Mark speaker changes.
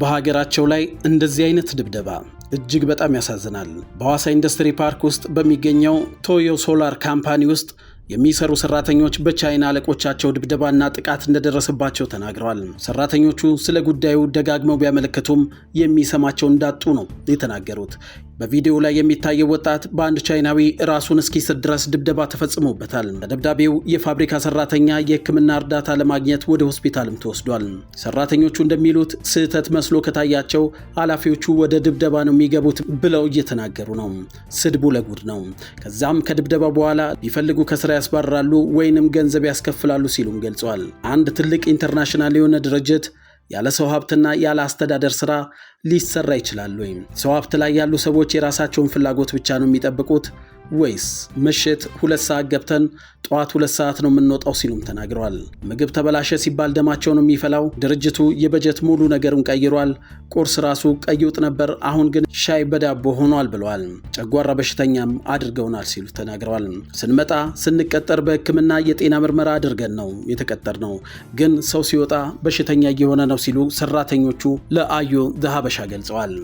Speaker 1: በሀገራቸው ላይ እንደዚህ አይነት ድብደባ እጅግ በጣም ያሳዝናል። በሐዋሳ ኢንዱስትሪ ፓርክ ውስጥ በሚገኘው ቶዮ ሶላር ካምፓኒ ውስጥ የሚሰሩ ሰራተኞች በቻይና አለቆቻቸው ድብደባና ጥቃት እንደደረሰባቸው ተናግረዋል። ሰራተኞቹ ስለ ጉዳዩ ደጋግመው ቢያመለክቱም የሚሰማቸው እንዳጡ ነው የተናገሩት። በቪዲዮው ላይ የሚታየው ወጣት በአንድ ቻይናዊ ራሱን እስኪስት ድረስ ድብደባ ተፈጽሞበታል። በደብዳቤው የፋብሪካ ሰራተኛ የሕክምና እርዳታ ለማግኘት ወደ ሆስፒታልም ተወስዷል። ሰራተኞቹ እንደሚሉት ስህተት መስሎ ከታያቸው ኃላፊዎቹ ወደ ድብደባ ነው የሚገቡት ብለው እየተናገሩ ነው። ስድቡ ለጉድ ነው። ከዛም ከድብደባ በኋላ ቢፈልጉ ከስራ ያስባርራሉ ወይንም ገንዘብ ያስከፍላሉ ሲሉም ገልጸዋል። አንድ ትልቅ ኢንተርናሽናል የሆነ ድርጅት ያለ ሰው ሀብትና ያለ አስተዳደር ስራ ሊሰራ ይችላል ወይም ሰው ሀብት ላይ ያሉ ሰዎች የራሳቸውን ፍላጎት ብቻ ነው የሚጠብቁት ወይስ ምሽት ሁለት ሰዓት ገብተን ጠዋት ሁለት ሰዓት ነው የምንወጣው ሲሉም ተናግረዋል። ምግብ ተበላሸ ሲባል ደማቸውን የሚፈላው ድርጅቱ የበጀት ሙሉ ነገሩን ቀይሯል። ቁርስ ራሱ ቀይ ወጥ ነበር፣ አሁን ግን ሻይ በዳቦ ሆኗል ብለዋል። ጨጓራ በሽተኛም አድርገውናል ሲሉ ተናግረዋል። ስንመጣ ስንቀጠር በሕክምና የጤና ምርመራ አድርገን ነው የተቀጠር ነው፣ ግን ሰው ሲወጣ በሽተኛ እየሆነ ነው ሲሉ ሰራተኞቹ ለአዮ ዘሀበሻ ገልጸዋል።